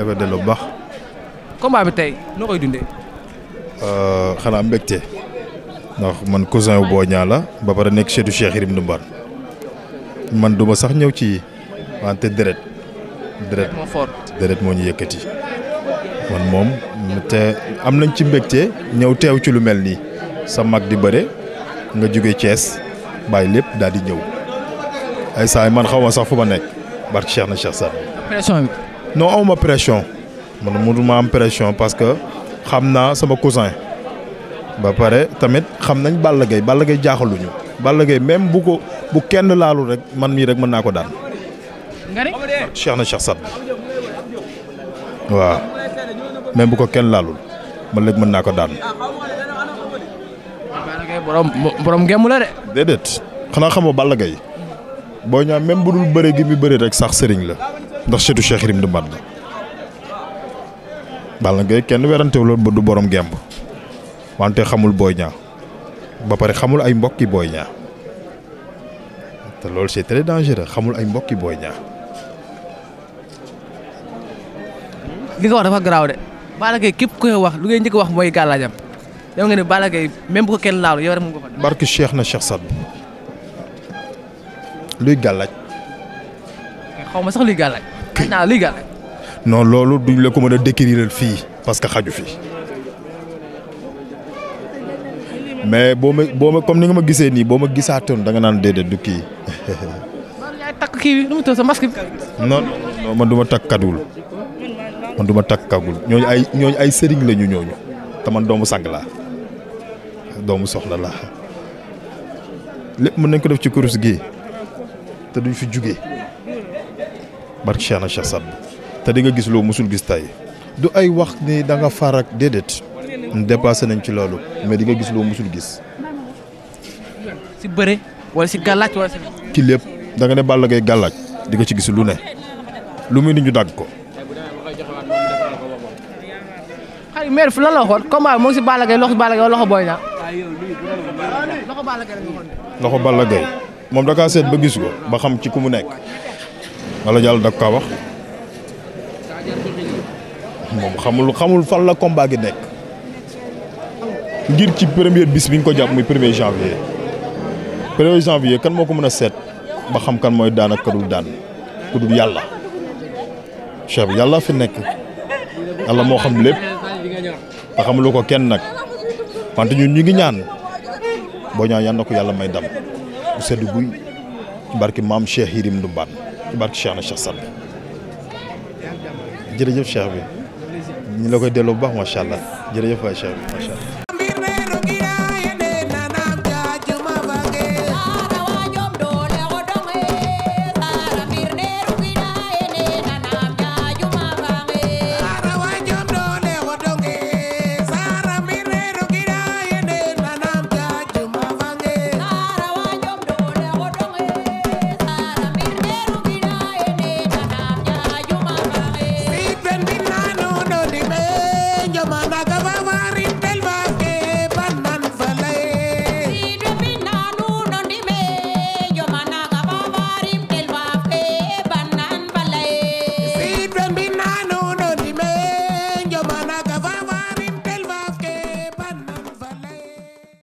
da ko delloo bu baax. combat bi tey noo koy dundee. Euh, xanaa mbégte ndax man cousin wu boo Niang la ba pare nekk seetu Cheikh Yérim Ndoumbar man duma sax ñëw ci wante deret deret moo fort deret moo ñu yëkkati man moom te am nañ ci mbégte ñëw teew ci lu mel nii sa mag di bëre nga jóge cees bàyyi lépp daal di ñëw ay saay man xaw ma sax fu ma nekk barke Cheikh na Cheikh Sarr. non awma pression man mënuma am pression parce que xam naa sama cousin ba pare tamit xam nañ Balla Gaye Balla Gaye jaaxaluñu Balla Gaye même bu ko bu kenn laalul rek man mii rek mën naa ko daan. nga na Cheikh Sat waaw même bu ko kenn laalul mën léegi mën naa ko daan. borom borom ngeem la de. déedéet xanaa xamoo Balla Gaye boo ñaa même bu dul bëre gi mi bëre rek sax sëriñ la. ndax seetu Cheikh Ibrahima Fall la Balla Gaye kenn werantewul ba du borom gemb wante xamul booy Niang ba pare xamul ay mbokki booy Niang te loolu c'est très dangereux xamul ay mbokki booy Niang. li nga wax dafa garaaw de Balla Gaye képp koy wax lu ngay njëkk wax mooy gàllaajam yow nga ne Balla Gaye même bu ko kenn laal yow rek na Cheikh Saad luy gàllaaj. xaw ma sax luy gàllaaj xëy naa loolu duñ la ko mën a décrire fii parce que xaju fii mais boo ma boo ma comme ni nga ma gisee nii boo ma gisaatoon da nga naan déedéet du kii. yaay takk kii bi man du ma takk kadul man du ma takk kagul ñooñu ay ñooñu ay sëriñ la ñu ñooñu te man doomu sang laa doomu soxla la lépp mën nañ ko def ci kurus gi te duñ fi jóge barke Cheikh na Cheikh Saad te di nga gis loo musul gis tay du ay wax ni da nga far ak déedéet dépassé nañ ci loolu mais di nga gis loo musul gis. si bëre wala si gàllaaj wala si. ci lépp da ne Balla Gaye gàllaaj di nga ci gis lu ne lu muy ni ñu dagg ko. xëy fu lan la waxoon combat si Balla Gaye loxo Balla Gaye loxo Boy Niang. loxo Balla Gaye moom da kaa seet ba gis ko ba xam ci ku mu nekk. wala yàlla da ko wax moom xamul xamul fan la combat ngi nekk ngir ci première bis bi ñu ko jàpp muy premier janvier premier janvier kan moo ko mën a seet ba xam kan mooy daan ak kadul daan ku dul yàlla cheikh yàlla fi nekk yàlla moo xam lépp te xamuloo ko kenn nag wante ñun ñu ngi ñaan boo ñaan yal na ko yàlla may dam bu sedd guy ci barki maam Cheikh Yirim Ndumbaan ci barke Cheikh na Cheikh Sall bi jërëjëf Cheikh bi ñu la koy delloo bu baax macha allah jërëjëf waay Cheikh bi macha allah.